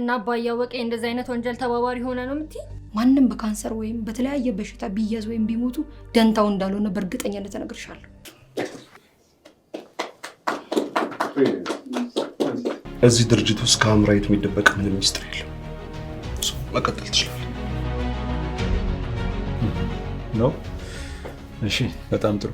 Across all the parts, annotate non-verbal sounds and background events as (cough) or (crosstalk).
እና አባያ ወቀ እንደዚህ አይነት ወንጀል ተባባሪ ሆነ ነው የምትይ? ማንም በካንሰር ወይም በተለያየ በሽታ ቢያዝ ወይም ቢሞቱ ደንታው እንዳልሆነ በእርግጠኛነት እነግርሻለሁ። እዚህ ድርጅት ውስጥ ከአምራዊት የሚደበቅ ምንም ሚስጥር የለም። መቀጠል ትችላል ነው። እሺ፣ በጣም ጥሩ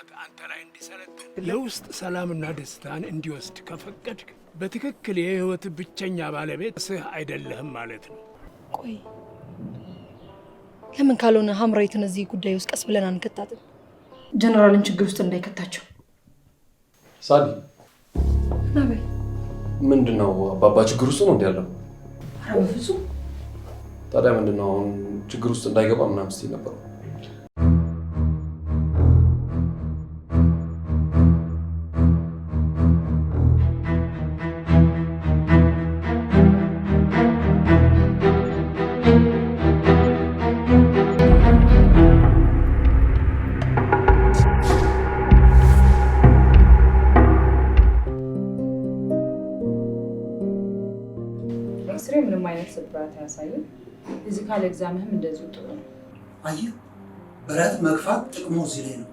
መስማት አንተ ላይ እንዲሰለጥን የውስጥ ሰላምና ደስታን እንዲወስድ ከፈቀድክ በትክክል የህይወት ብቸኛ ባለቤት ስህ አይደለህም ማለት ነው። ቆይ ለምን ካልሆነ ሀምራዊትን እዚህ ጉዳይ ውስጥ ቀስ ብለን አንከታትም? ጀነራልን ችግር ውስጥ እንዳይከታቸው። ሳሊ ምንድን ነው አባባ ችግር ውስጥ ነው እንዲ ያለው? ታዲያ ምንድን ነው አሁን ችግር ውስጥ እንዳይገባ ምናምን ስትይ ነበረው ስለሚያሳየው ፊዚካል ኤግዛምህም እንደዚሁ ጥሩ ነው። አየ ብረት መግፋት ጥቅሙ እዚህ ላይ ነው።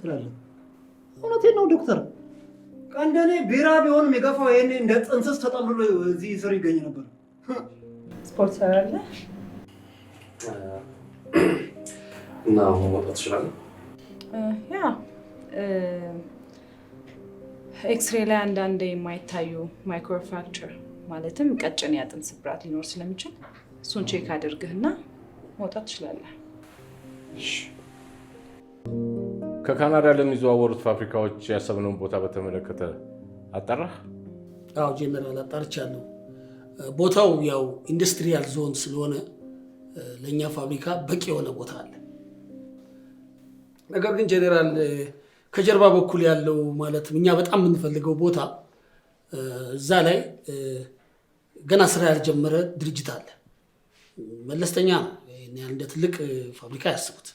ትላለህ? እውነቴን ነው ዶክተር። ቀንደኔ ቢራ ቢሆንም የገፋው ይሄኔ እንደ ጥንስስ ተጠልሎ እዚህ ስር ይገኝ ነበር። ስፖርት እና አሁን መውጣት ትችላለህ ያ ኤክስሬ ላይ አንዳንድ የማይታዩ ማይክሮፍራክቸር ማለትም ቀጭን የአጥንት ስብራት ሊኖር ስለሚችል እሱን ቼክ አድርግህና መውጣት ትችላለህ። ከካናዳ ለሚዘዋወሩት ፋብሪካዎች ያሰብነውን ቦታ በተመለከተ አጣራህ? አዎ ጄኔራል አጣርቻለሁ። ቦታው ያው ኢንዱስትሪያል ዞን ስለሆነ ለእኛ ፋብሪካ በቂ የሆነ ቦታ አለ። ነገር ግን ጄኔራል ከጀርባ በኩል ያለው ማለት እኛ በጣም የምንፈልገው ቦታ እዛ ላይ ገና ስራ ያልጀመረ ድርጅት አለ። መለስተኛ ነው። እንደ ትልቅ ፋብሪካ ያስቡት።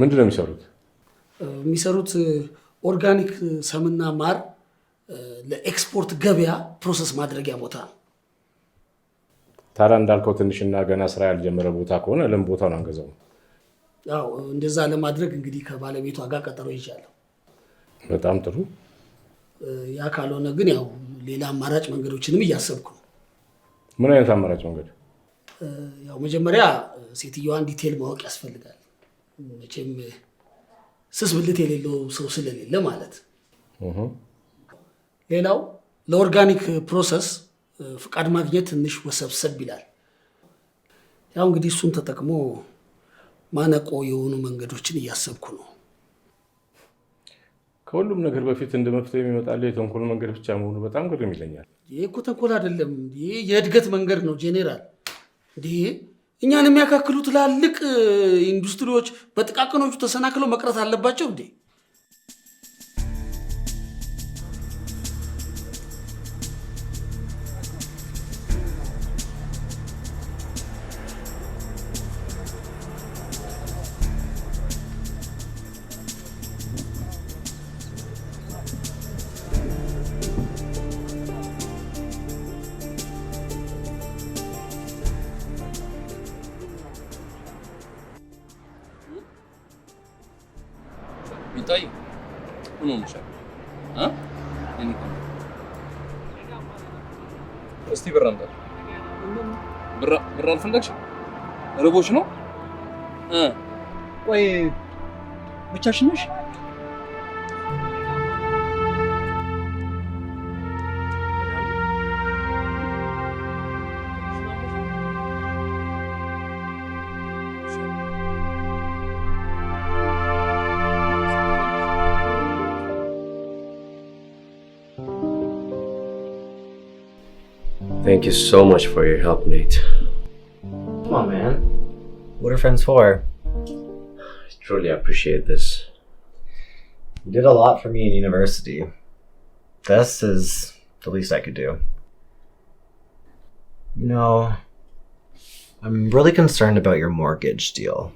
ምንድን ነው የሚሰሩት? የሚሰሩት ኦርጋኒክ ሰምና ማር ለኤክስፖርት ገበያ ፕሮሰስ ማድረጊያ ቦታ ነው። ታዲያ እንዳልከው ትንሽና ገና ስራ ያልጀመረ ቦታ ከሆነ ለምን ቦታውን አንገዛውም? ያው እንደዛ ለማድረግ እንግዲህ ከባለቤቷ ጋር ቀጠሮ ይዣለሁ። በጣም ጥሩ። ያ ካልሆነ ግን ያው ሌላ አማራጭ መንገዶችንም እያሰብኩ ነው። ምን አይነት አማራጭ መንገድ? ያው መጀመሪያ ሴትየዋን ዲቴል ማወቅ ያስፈልጋል። መቼም ስስ ብልት የሌለው ሰው ስለሌለ ማለት። ሌላው ለኦርጋኒክ ፕሮሰስ ፍቃድ ማግኘት ትንሽ ወሰብሰብ ይላል። ያው እንግዲህ እሱን ተጠቅሞ ማነቆ የሆኑ መንገዶችን እያሰብኩ ነው። ከሁሉም ነገር በፊት እንደ መፍትሄ የሚመጣለ የተንኮል መንገድ ብቻ መሆኑ በጣም ግርም ይለኛል። ይህ እኮ ተንኮል አይደለም፣ ይህ የእድገት መንገድ ነው ጄኔራል። እንዲህ እኛን የሚያካክሉ ትላልቅ ኢንዱስትሪዎች በጥቃቅኖቹ ተሰናክለው መቅረት አለባቸው እንዴ? ፈለግሽ ርቦሽ ነው? ቆይ ብቻሽን ነሽ? Thank you so much for your help, Nate. Come on, man. What are friends for? I truly appreciate this. You did a lot for me in university. This is the least I could do. You know, I'm really concerned about your mortgage deal.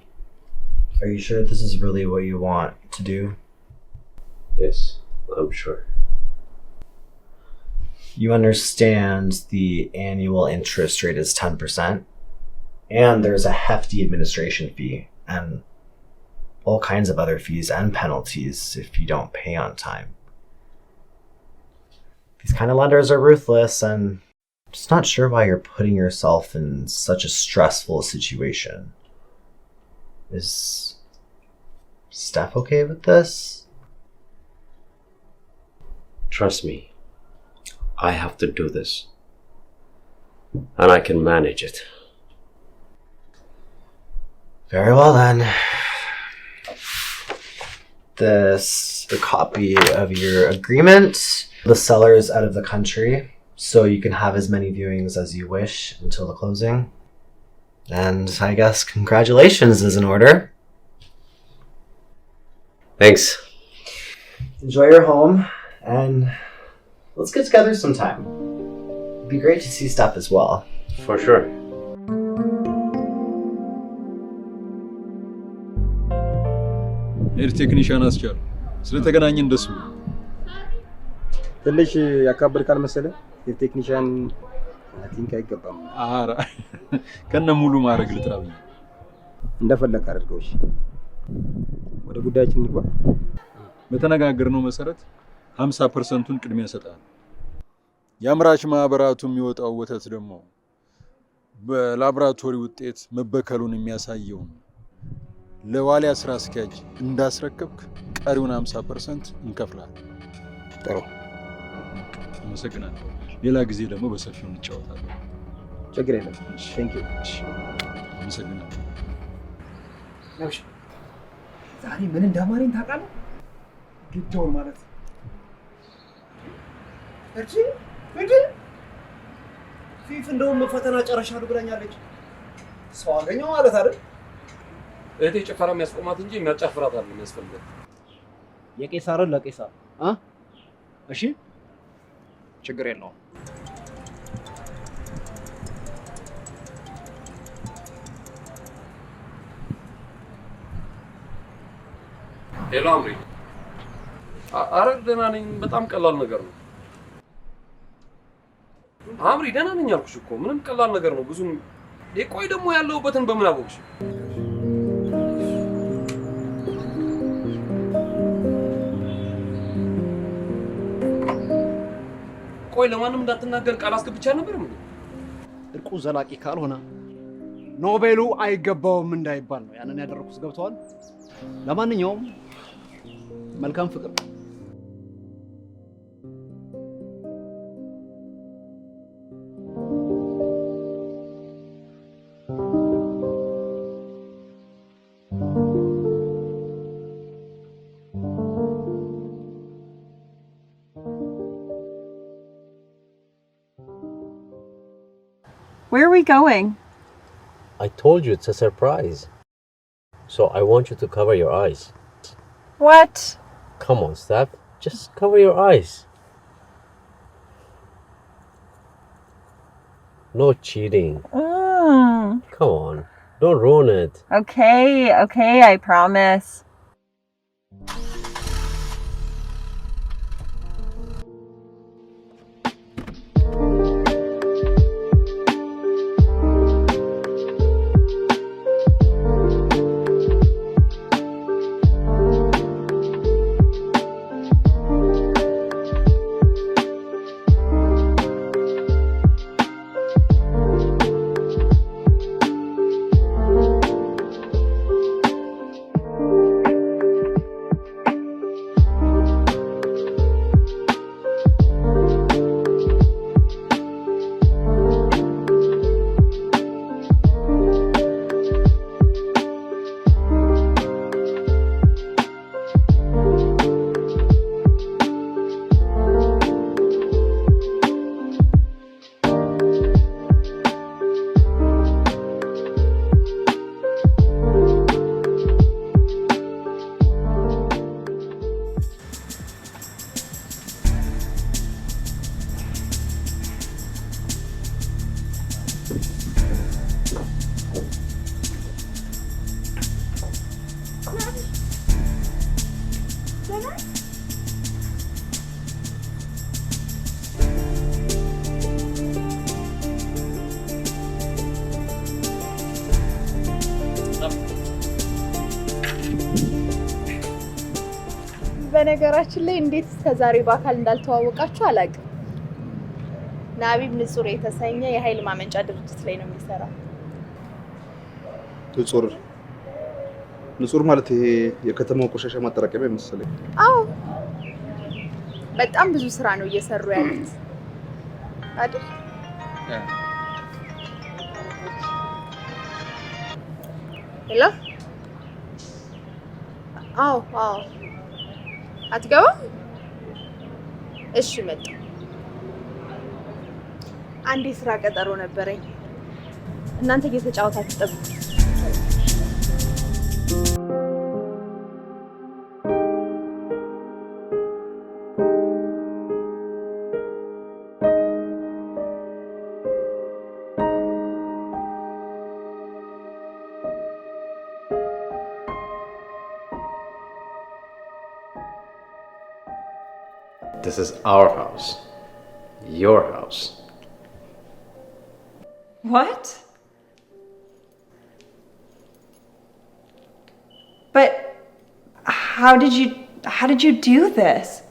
Are you sure this is really what you want to do? Yes, I'm sure. You understand the annual interest rate is 10%? and there's a hefty administration fee and all kinds of other fees and penalties if you don't pay on time. These kind of lenders are ruthless and just not sure why you're putting yourself in such a stressful situation. Is Steph okay with this? Trust me, I have to do this. And I can manage it. Very well then. This the copy of your agreement. The seller is out of the country, so you can have as many viewings as you wish until the closing. And I guess congratulations is in order. Thanks. Enjoy your home and let's get together sometime. It'd be great to see stuff as well. For sure. ኤር ቴክኒሻን አስቻሉ ስለተገናኘን ደስ ብሎ ትንሽ ያካበድካል መሰለህ። ኤር ቴክኒሻን ቲንክ አይገባም። ኧረ ከነ ሙሉ ማድረግ ልጥራብ እንደፈለግ አድርገው። እሺ ወደ ጉዳያችን እንግባ። በተነጋገርነው መሰረት ሀምሳ ፐርሰንቱን ቅድሚያ ይሰጣል። የአምራች ማህበራቱ የሚወጣው ወተት ደግሞ በላብራቶሪ ውጤት መበከሉን የሚያሳየውን ለዋሊያ ስራ አስኪያጅ እንዳስረከብክ ቀሪውን 50 ፐርሰንት እንከፍላል። ጥሩ፣ አመሰግናለሁ። ሌላ ጊዜ ደግሞ በሰፊው እንጫወታለን። ችግር የለም። አመሰግናለሁ። ዛሬ ምን እንዳማረኝ ታውቃለህ? ግዳውን ማለት እቺ እንግዲህ ፊፍ እንደውም መፈተና ጨረሻሉ ብላኛለች። ሰው አገኘው ማለት አይደል እህቴ ጭፈራ የሚያስቆማት እንጂ የሚያጫፍራት አለ የሚያስፈልጋት። የቄሳርን ለቄሳር አ እሺ፣ ችግር የለውም። ሄሎ አምሪ። አረ ደህና ነኝ። በጣም ቀላል ነገር ነው አምሪ። ደህና ነኝ አልኩሽ እኮ ምንም ቀላል ነገር ነው። ብዙም ቆይ ደግሞ ያለሁበትን በምን አወቅሽ? ቆይ ለማንም እንዳትናገር ቃል አስገብቻ ነበር። ምን እርቁ ዘላቂ ካልሆነ ኖቤሉ አይገባውም እንዳይባል ነው ያንን ያደረኩት። ገብተዋል። ለማንኛውም መልካም ፍቅር Where are we going? I told you it's a surprise. So I want you to cover your eyes. What? Come on, Steph. Just cover your eyes. No cheating. Mm. Come on. Don't ruin it. Okay, okay, I promise. በነገራችን ላይ እንዴት እስከዛሬ በአካል እንዳልተዋወቃችሁ አላውቅም። ናቢብ ንጹር የተሰኘ የኃይል ማመንጫ ድርጅት ላይ ነው የሚሰራው። ንጹር ንጹር ማለት ይሄ የከተማው ቆሻሻ ማጠራቀሚያ መሰለኝ። አዎ፣ በጣም ብዙ ስራ ነው እየሰሩ ያሉት አይደል? ሄሎ። አዎ፣ አዎ አትገባም። እሺ መጣ። አንድ የስራ ቀጠሮ ነበረኝ። እናንተ እየተጫወታችሁ ጠብቁ። This is our house. Your house. What? But how did you how did you do this?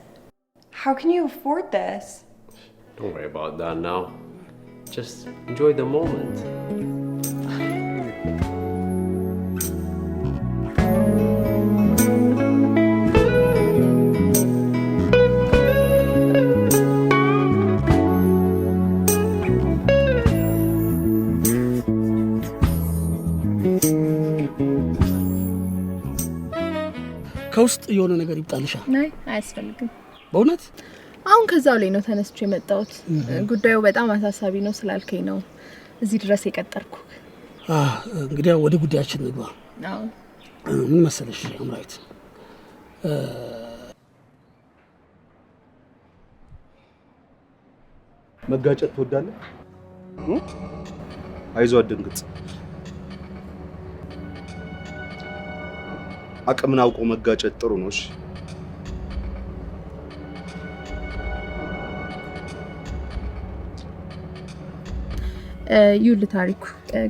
How can you afford this? Don't worry about that now. Just enjoy the moment. የሆነ ነገር ይብጣልሻ። አይ አያስፈልግም፣ በእውነት አሁን ከዛው ላይ ነው ተነስቼ የመጣሁት። ጉዳዩ በጣም አሳሳቢ ነው ስላልከኝ ነው እዚህ ድረስ የቀጠርኩ። እንግዲያ ወደ ጉዳያችን ንግባ። ምን መሰለሽ አምራዊት መጋጨት ትወዳለህ? አይዞ አደንግጽ አቅምን አውቆ መጋጨት ጥሩ ነው። እሺ ይሁል ታሪኩ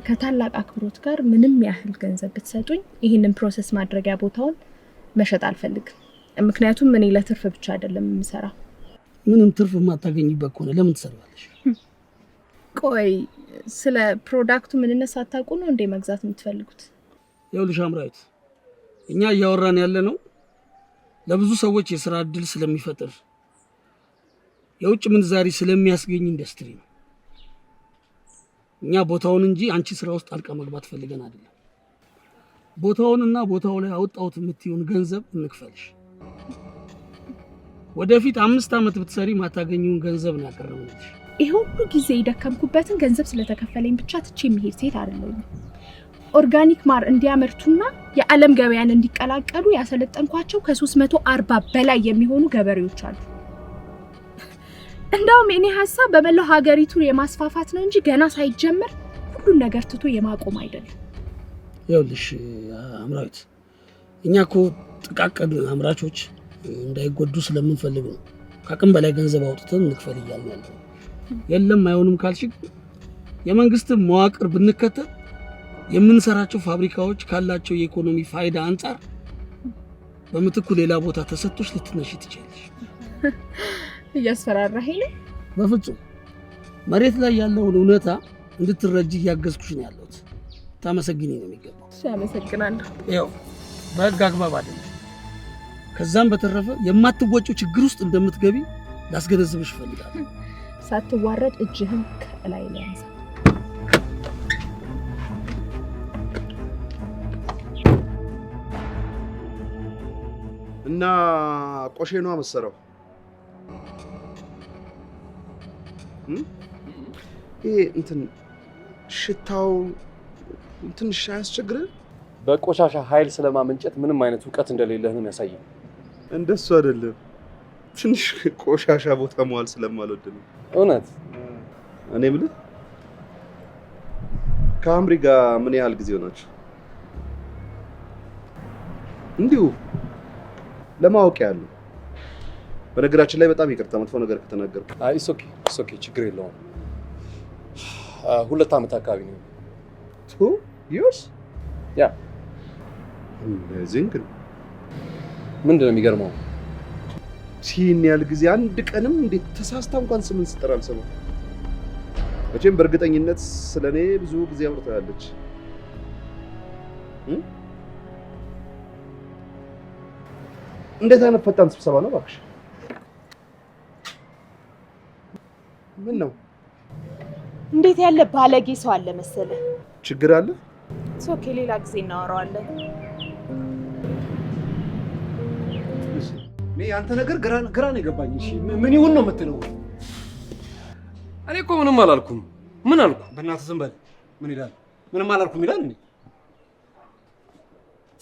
ከታላቅ አክብሮት ጋር ምንም ያህል ገንዘብ ብትሰጡኝ ይህንን ፕሮሰስ ማድረጊያ ቦታውን መሸጥ አልፈልግም። ምክንያቱም እኔ ለትርፍ ብቻ አይደለም የምሰራው። ምንም ትርፍ የማታገኝበት ከሆነ ለምን ትሰራለሽ? ቆይ ስለ ፕሮዳክቱ ምንነት ሳታውቁ ነው እንዴ መግዛት የምትፈልጉት? ያው አምራዊት እኛ እያወራን ያለ ነው ለብዙ ሰዎች የስራ እድል ስለሚፈጥር የውጭ ምንዛሪ ስለሚያስገኝ ኢንዱስትሪ ነው። እኛ ቦታውን እንጂ አንቺ ስራ ውስጥ ጣልቃ መግባት ፈልገን አይደለም። ቦታውንና ቦታው ላይ አወጣሁት የምትይውን ገንዘብ እንክፈልሽ። ወደፊት አምስት ዓመት ብትሰሪ ማታገኘውን ገንዘብ ነው ያቀረበልሽ። ሁሉ ጊዜ የደከምኩበትን ገንዘብ ስለተከፈለኝ ብቻ ትቼ የሚሄድ ሴት አይደለሁም። ኦርጋኒክ ማር እንዲያመርቱና የዓለም ገበያን እንዲቀላቀሉ ያሰለጠንኳቸው ከ340 በላይ የሚሆኑ ገበሬዎች አሉ። እንደውም እኔ ሀሳብ በመላው ሀገሪቱን የማስፋፋት ነው እንጂ ገና ሳይጀምር ሁሉን ነገር ትቶ የማቆም አይደለም። ይኸውልሽ አምራዊት፣ እኛ እኮ ጥቃቅን አምራቾች እንዳይጎዱ ስለምንፈልግ ነው ከአቅም በላይ ገንዘብ አውጥተን እንክፈል እያልን ያለ። የለም አይሆንም ካልሽ የመንግስትን መዋቅር ብንከተል የምንሰራቸው ፋብሪካዎች ካላቸው የኢኮኖሚ ፋይዳ አንጻር በምትኩ ሌላ ቦታ ተሰጥቶች ልትነሺ ትችላለሽ። እያስፈራራኸኝ ነው። በፍጹም መሬት ላይ ያለውን እውነታ እንድትረጅ እያገዝኩሽ ነው ያለሁት። ታመሰግኝ ነው የሚገባው። አመሰግናለሁ። ያው በህግ አግባብ አይደለም። ከዛም በተረፈ የማትወጪው ችግር ውስጥ እንደምትገቢ ላስገነዝብሽ እፈልጋለሁ። ሳትዋረድ እጅህን ከላይ ነው እና ቆሼ መሰረው መሰለው። ይሄ እንትን ሽታው ትንሽ አያስቸግርህ? በቆሻሻ ኃይል ስለማመንጨት ምንም አይነት እውቀት እንደሌለህ ነው ያሳየው። እንደሱ አይደለም፣ ትንሽ ቆሻሻ ቦታ መዋል ስለማልወድ ነው። እውነት እኔ የምልህ ከአምሪ ጋር ምን ያህል ጊዜ ሆናችሁ? እንዲሁ ለማወቅ ያሉ። በነገራችን ላይ በጣም ይቅርታ መጥፎ ነገር ከተናገርኩ። አይ ኢትስ ኦኬ ኢትስ ኦኬ ችግር የለውም። (sighs) ሁለት ዓመት አካባቢ ነው። ቱ ይርስ ያ ግን ምንድን ነው የሚገርመው ሲን ያህል ጊዜ አንድ ቀንም እንዴት ተሳስታ እንኳን ስምን ስጠራ አልሰማ። መቼም በእርግጠኝነት ስለኔ ብዙ ጊዜ አውርታለች። እንዴት አይነት ፈጣን ስብሰባ ነው እባክሽ? ምን ነው? እንዴት ያለ ባለጌ ሰው አለ መሰለ። ችግር አለ? ኦኬ፣ ሌላ ጊዜ እናወራዋለን። ያንተ ነገር ግራ ነው የገባኝ። ምን ይሁን ነው የምትለው? እኔ እኮ ምንም አላልኩም። ምን አልኩ? በእናትህ ዝም በል። ምን ይላል? ምንም አላልኩም ይላል።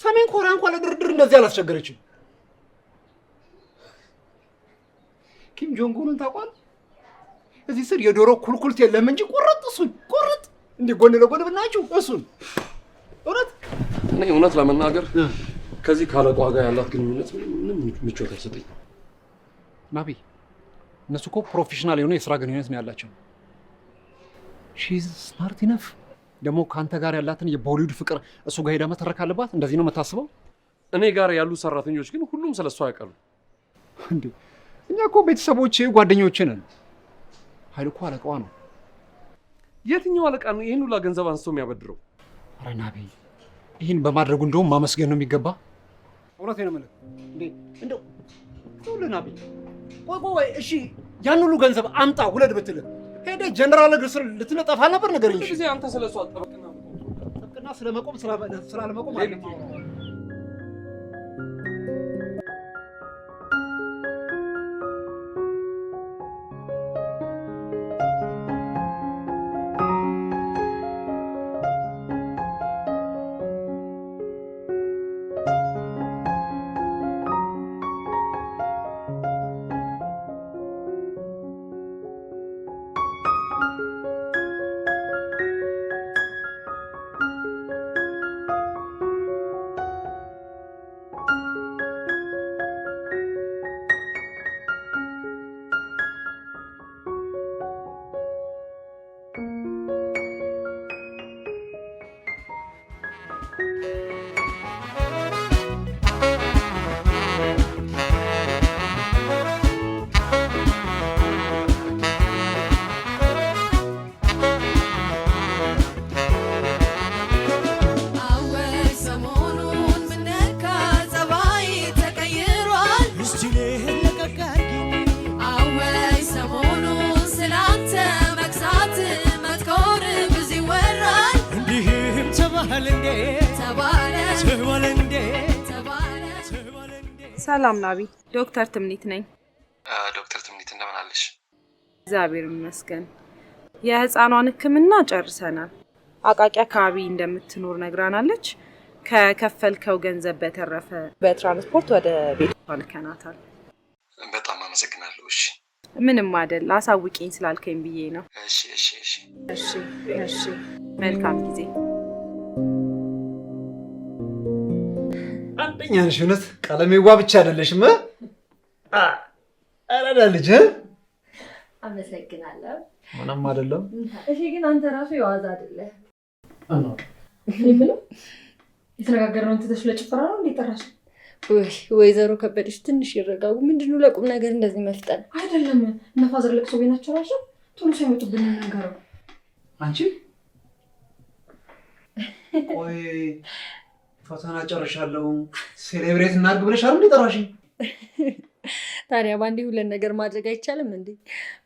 ሰሜን ኮሪያ እንኳን ለድርድር እንደዚህ አላስቸገረችም። ኪም ጆንጎንን ታውቋል? እዚህ ስር የዶሮ ኩልኩልት የለም እንጂ ቁርጥ እሱን ቁርጥ እንዲህ ጎን ለጎን ብናችሁ እሱን እውነት እኔ እውነት ለመናገር ከዚህ ካለቋ ጋር ያላት ግንኙነት ምንም ምቾት አይሰጠኝ። ናቢ እነሱ እኮ ፕሮፌሽናል የሆነ የስራ ግንኙነት ነው ያላቸው። ሺዝ ስማርት ኢነፍ ደግሞ ከአንተ ጋር ያላትን የቦሊውድ ፍቅር እሱ ጋር ሄዳ መተረክ አለባት። እንደዚህ ነው የምታስበው። እኔ ጋር ያሉ ሰራተኞች ግን ሁሉም ስለሷ ያውቃሉ። እኛ እኮ ቤተሰቦቼ ጓደኞቼ ነን። ኃይል እኮ አለቃዋ ነው። የትኛው አለቃ ነው ይህን ሁላ ገንዘብ አንስቶ የሚያበድረው? ኧረ ናቤ ይህን በማድረጉ እንደውም ማመስገን ነው የሚገባ። እውነቴን ነው የምልህ። እንደው ሁሉና ቤ ቆይ ቆይ፣ እሺ ያን ሁሉ ገንዘብ አምጣ ውለድ ብትልህ ሄደ ጀነራል እግር ስር ልትነጠፍ አልነበር? ነገር ጊዜ አንተ ስለሷ ጠበቅና ስለመቆም ስላለመቆም አለ ሰላም ናቢ፣ ዶክተር ትምኒት ነኝ። ዶክተር ትምኒት እንደምን አለሽ? እግዚአብሔር ይመስገን። የህፃኗን ህክምና ጨርሰናል። አቃቂ አካባቢ እንደምትኖር ነግራናለች። ከከፈልከው ገንዘብ በተረፈ በትራንስፖርት ወደ ቤት ልከናታል። በጣም አመሰግናለሁ። እሺ፣ ምንም አይደል። አሳውቂኝ ስላልከኝ ብዬ ነው። እሺ፣ እሺ፣ እሺ፣ እሺ። መልካም ጊዜ አንደኛ ነሽ። እውነት ቀለሜዋ ብቻ አይደለሽም። አራዳ ልጅ አመሰግናለሁ። ምንም አይደለም። እሺ፣ ግን አንተ ራሱ የዋዛ አይደለህ። የተነጋገርነው ትተሽ ለጭፈራ ነው እንዲጠራሽ። ወይዘሮ ከበደች ትንሽ ይረጋጉ። ምንድን ነው ለቁም ነገር እንደዚህ መፍጠን አይደለም። ነፋዘር ለቅሶ ቤት ራሱ ቶሎ ሳይመጡብን ነገረው አንቺ (laughs) ፈተና ጨርሻለሁ ሴሌብሬት እናድርግ ብለሽ አሉ ጠራሽ። ታዲያ በአንዴ ሁለት ነገር ማድረግ አይቻልም እንዴ?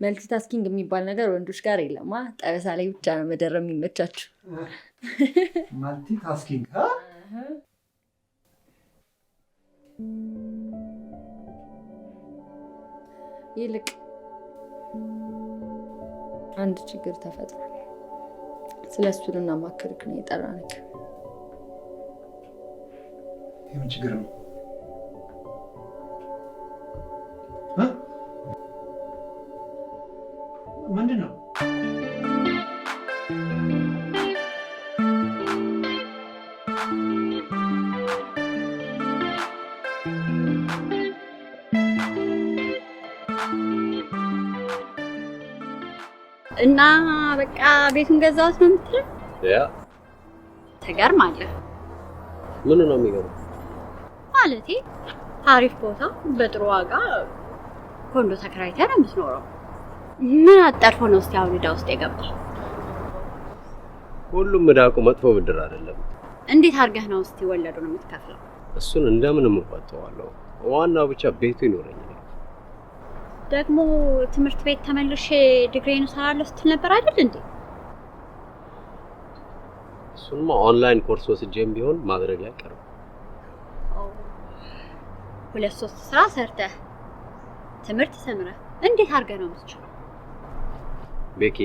መልቲ ታስኪንግ የሚባል ነገር ወንዶች ጋር የለማ። ጠበሳ ላይ ብቻ ነው መደረብ የሚመቻችሁ። መልቲ ታስኪንግ ይልቅ አንድ ችግር ተፈጥሯል። ስለ እሱን እናማክርክ ነው የጠራንክ። የምን ችግር ነው? ምንድን ነው? እና በቃ ቤቱን ገዛሁት ነው የምትለው? ያ ተገርማለህ። ምኑ ነው የሚገርመው? ማለቴ አሪፍ ቦታ በጥሩ ዋጋ ኮንዶ ተከራይተ ነው የምትኖረው። ምን አጠርፎ ነው እስቲ አሁን ዕዳ ውስጥ የገባው? ሁሉም ዕዳ መጥፎ ብድር አይደለም። እንዴት አድርገህ ነው እስቲ ወለዱ ነው የምትከፍለው? እሱን እንደምንም እቆጥበዋለሁ። ዋናው ብቻ ቤቱ ይኖረኛል። ደግሞ ትምህርት ቤት ተመልሼ ዲግሪን እሰራለሁ ስትል ነበር አይደል እንዴ? እሱንማ ኦንላይን ኮርስ ወስጄም ቢሆን ማድረግ ላይ ሁለት ሶስት ስራ ሰርተህ ትምህርት ተምረህ እንዴት አድርገህ ነው የምትችለው? ቤኪ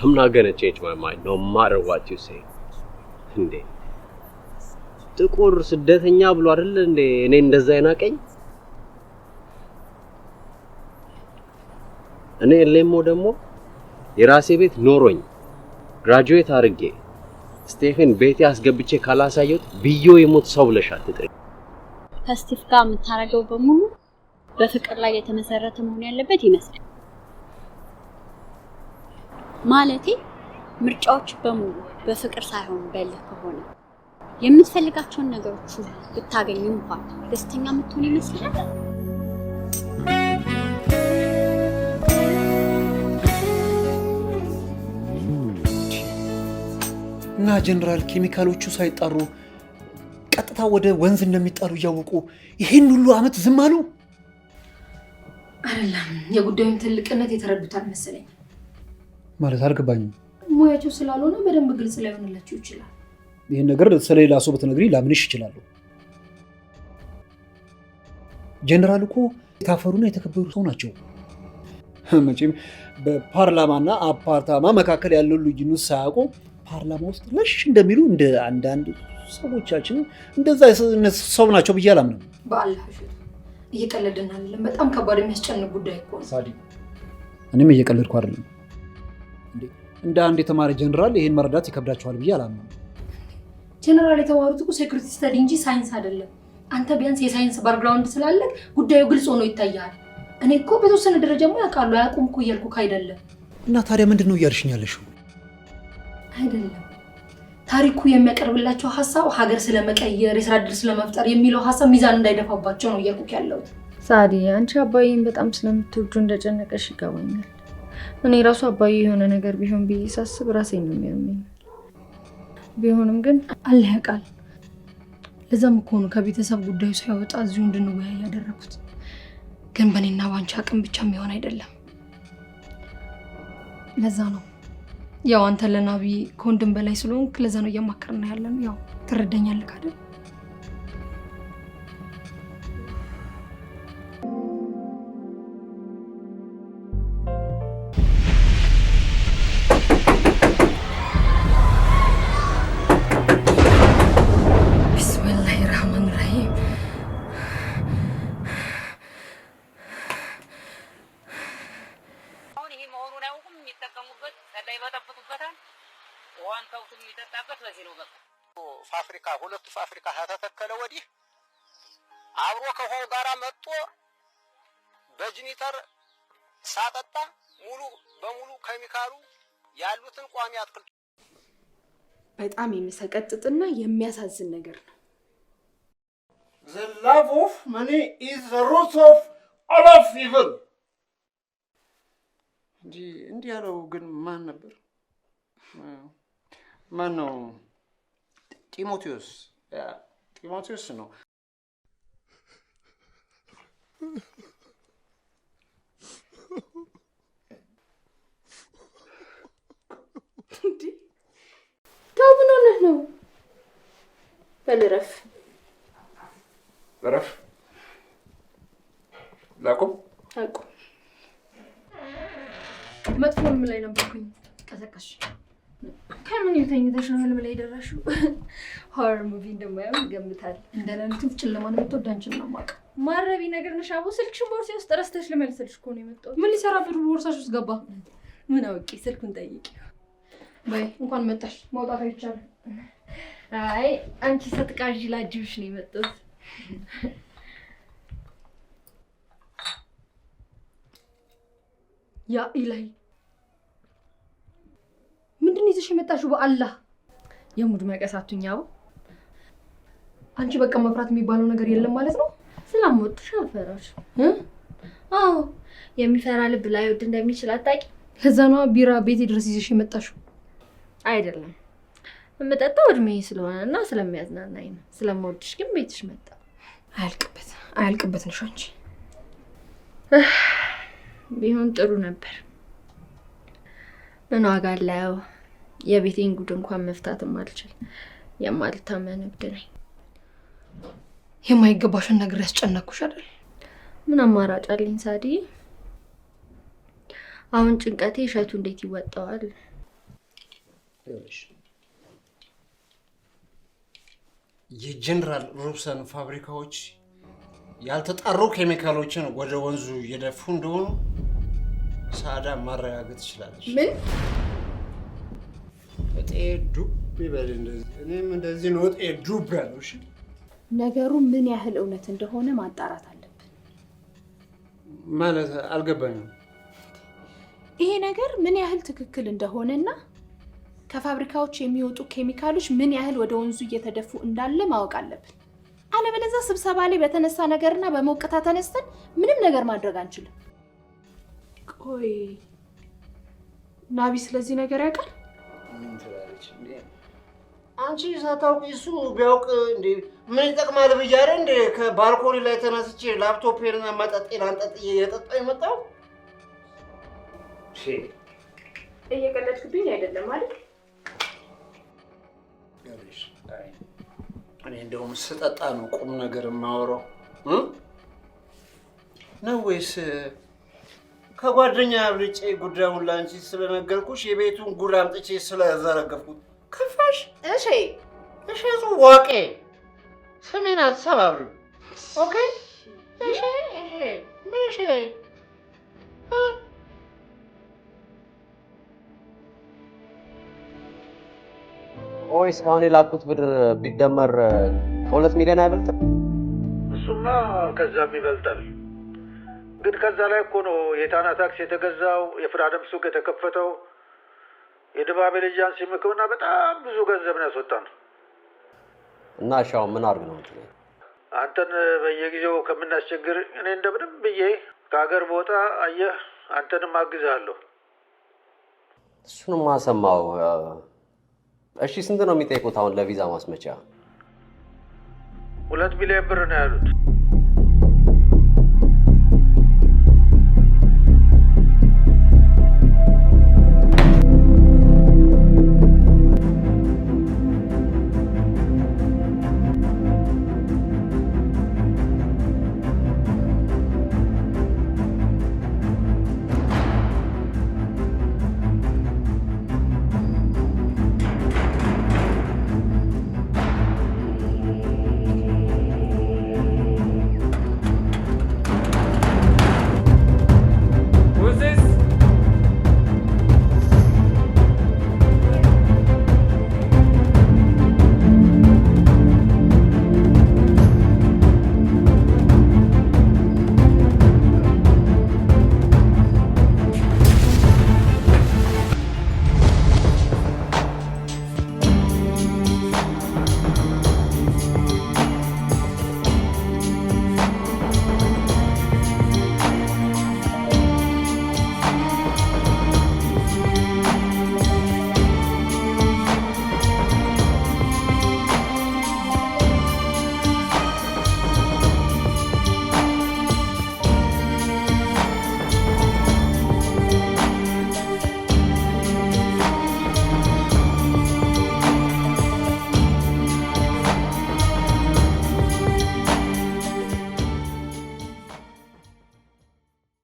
I'm not gonna change ማይ mind no matter what you say እንዴ ጥቁር ስደተኛ ብሎ አይደል እንዴ እኔ እንደዛ አይናቀኝ እኔ ሌሞ ደግሞ የራሴ ቤት ኖሮኝ ግራጁዌት አድርጌ ስቴፈን ቤቴ አስገብቼ ካላሳየሁት ብዬ የሞት ሰው ብለሽ አትጥሪ። ከስቲቭ ጋር የምታደርገው በሙሉ በፍቅር ላይ የተመሰረተ መሆን ያለበት ይመስላል። ማለቴ ምርጫዎች በሙሉ በፍቅር ሳይሆን በልህ ከሆነ የምትፈልጋቸውን ነገሮች ብታገኙ እንኳን ደስተኛ የምትሆን ይመስላል። እና ጀነራል ኬሚካሎቹ ሳይጣሩ ቀጥታ ወደ ወንዝ እንደሚጣሉ እያወቁ ይህን ሁሉ ዓመት ዝም አሉ? አይደለም፣ የጉዳዩን ትልቅነት የተረዱት መሰለኝ። ማለት አልገባኝም። ሙያቸው ስላልሆነ በደንብ ግልጽ ላይሆንላቸው ይችላል። ይህን ነገር ስለሌላ ሰው ብትነግሪ ላምንሽ ይችላሉ። ጀነራል እኮ የታፈሩና የተከበሩ ሰው ናቸው። መቼም በፓርላማና አፓርታማ መካከል ያለው ልዩነት ሳያውቁ ፓርላማ ውስጥ ለሽ እንደሚሉ እንደ አንዳንድ ሰዎቻችን እንደዛ ሰው ናቸው ብዬ አላምንም። በአላህ እየቀለድን አይደለም። በጣም ከባድ የሚያስጨንቅ ጉዳይ እኮ እኔም እየቀለድኩ አይደለም። እንደ አንድ የተማረ ጀነራል ይህን መረዳት ይከብዳቸዋል ብዬ አላምንም። ጀነራል የተማሩት እኮ ሴኩሪቲ ስተዲ እንጂ ሳይንስ አይደለም። አንተ ቢያንስ የሳይንስ ባክግራውንድ ስላለ ጉዳዩ ግልጽ ሆኖ ይታያል። እኔ እኮ በተወሰነ ደረጃማ ያውቃሉ አያውቁም እኮ እያልኩ አይደለም። እና ታዲያ ምንድን ነው እያልሽኝ አይደለም ታሪኩ የሚያቀርብላቸው ሀሳብ ሀገር ስለመቀየር የስራ ዕድል ስለመፍጠር የሚለው ሀሳብ ሚዛን እንዳይደፋባቸው ነው እያልኩት ያለሁት። ሳዲ አንቺ አባዬን በጣም ስለምትወጁ እንደጨነቀሽ ይገባኛል። እኔ ራሱ አባዬ የሆነ ነገር ቢሆን ብዬ ሳስብ ራሴ ነው የሚያመኝ። ቢሆንም ግን አለያቃል። ያውቃል። ለዛም እኮ ነው ከቤተሰብ ጉዳዩ ሳይወጣ እዚሁ እንድንወያይ ያደረኩት። ግን በእኔና ባንቺ አቅም ብቻ የሚሆን አይደለም። ለዛ ነው ያው አንተ ለናቢ ከወንድም በላይ ስለሆንክ ለዛ ነው እያማከርና ያለን። ያው ትረዳኛለህ አይደል? ከውሃው ጋራ መጥቶ በጅኒተር ሳጠጣ ሙሉ በሙሉ ኬሚካሉ ያሉትን ቋሚ አትክልቱ በጣም የሚሰቀጥጥና የሚያሳዝን ነገር ነው። ዘ ላቭ ኦፍ መኒ ኢዝ ዘ ሩት ኦፍ ኦል ኦፍ ኢቭል። እንዲህ ያለው ግን ማን ነበር? ማን ነው? ጢሞቴዎስ ጢሞቴዎስ ነው። እንዴ ተው፣ ምን ሆነህ ነው? በል እረፍ፣ እረፍ። ላቁም፣ አቁም። መጥፎ ህልም ላይ ነበርኩኝ። ቀሰቀሽ ከምን የተኝተሽ ነው ህልም ላይ የደረሽው? ሆረር (laughs) ሙቪ እንደማየው ይገምታል። እንደ ሌሊቱ ጨለማን የምትወድ አንቺን ነው የማውቀው ማረቢ ነገር ነሽ አቦ። ስልክሽን ቦርሳ ውስጥ ረስተሽ ልመልስልሽ እኮ ነው የመጣሁት። ምን ሊሰራ ብሩ ቦርሳሽ ውስጥ ገባ? ምን አውቄ። ስልኩን ጠይቂ ወይ። እንኳን መጣሽ። ማውጣት አይቻልም። አይ አንቺ ስትቃዥ ላጅብሽ ነው የመጣሁት። ያ ኢላይ ምንድን ነው ይዘሽ የመጣሽው? በአላህ የሙድ መቀሳቱኛ አቦ። አንቺ በቃ መፍራት የሚባለው ነገር የለም ማለት ነው ስላምወድሽ አልፈራሽ። አዎ የሚፈራ ልብ ላይወድ እንደሚችል አጣቂ ከዛኗ ቢራ ቤቴ ድረስ ይዘሽ የመጣሽው አይደለም። የምጠጣው እድሜ ስለሆነ እና ስለሚያዝናናኝ ነው። ስለምወድሽ ግን ቤትሽ መጣ። አያልቅበት አያልቅበት ነሽ አንቺ። ቢሆን ጥሩ ነበር። ምን ዋጋ አለው? የቤቴን ጉድ እንኳን መፍታትም አልችል። የማልታመን እብድ ነኝ። የማይገባሽን ነገር ያስጨነኩሽ አይደል? ምን አማራጭ አለኝ ሳዲ? አሁን ጭንቀቴ እሸቱ እንዴት ይወጣዋል? የጀነራል ሮብሰን ፋብሪካዎች ያልተጣሩ ኬሚካሎችን ወደ ወንዙ እየደፉ እንደሆኑ ሳዳ ማረጋገጥ ትችላለች። ምን ጤ ዱብ ይበል እንደዚህ እኔም እንደዚህ ነው ጤ ዱብ ያለው ነገሩ ምን ያህል እውነት እንደሆነ ማጣራት አለብን። ማለት አልገባኝም። ይሄ ነገር ምን ያህል ትክክል እንደሆነና ከፋብሪካዎች የሚወጡ ኬሚካሎች ምን ያህል ወደ ወንዙ እየተደፉ እንዳለ ማወቅ አለብን። አለበለዚያ ስብሰባ ላይ በተነሳ ነገርና በሞቅታ ተነስተን ምንም ነገር ማድረግ አንችልም። ቆይ ናቢ ስለዚህ ነገር ያውቃል? አንቺ ሳታውቂ እሱ ቢያውቅ እንዴ ምን ይጠቅማል ብዬ አይደል እንደ ከባልኮኒ ላይ ተነስቼ ላፕቶፕና መጠጤን አንጠጥዬ እየጠጣሁ የመጣው እየቀለድክብኝ አይደለም አይደል? እኔ እንደውም ስጠጣ ነው ቁም ነገር የማወራው ነው ወይስ ከጓደኛ ብልጬ ጉዳዩን ላንቺ ስለነገርኩሽ የቤቱን ጉድ አምጥቼ ስለዘረገፍኩት ከፋሽ? እሺ እሺ፣ ዋቄ ስሜን አትሰባብሩ። ኦኬ እሺ፣ እሺ እስካሁን የላኩት ብድር ቢደመር ከሁለት ሚሊዮን አይበልጥም? እሱማ ከዛም ይበልጣል። ግን ከዛ ላይ እኮ ነው የታና ታክስ የተገዛው፣ የፍራደም ሱቅ የተከፈተው፣ የድባቤ ልጃንሲ ምግብና በጣም ብዙ ገንዘብ ነው ያስወጣ ነው። እና ሻው ምን አድርግ ነው አንተን በየጊዜው ከምናስቸግር እኔ እንደምንም ብዬ ከሀገር ቦታ አየህ፣ አንተንም አግዝሃለሁ። እሱንም አሰማው። እሺ ስንት ነው የሚጠይቁት አሁን ለቪዛ ማስመቻ? ሁለት ሚሊዮን ብር ነው ያሉት።